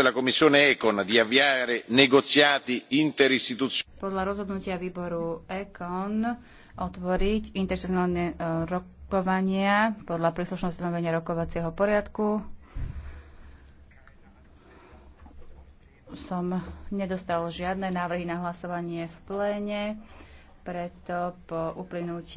della commissione econ di avviare negoziati interistituzionali. podľa rozhodnutia výboru otvoriť eh, rokovania podľa stanovenia rokovacieho poriadku. Som nedostal žiadne návrhy na hlasovanie v pléne, preto po uplynutí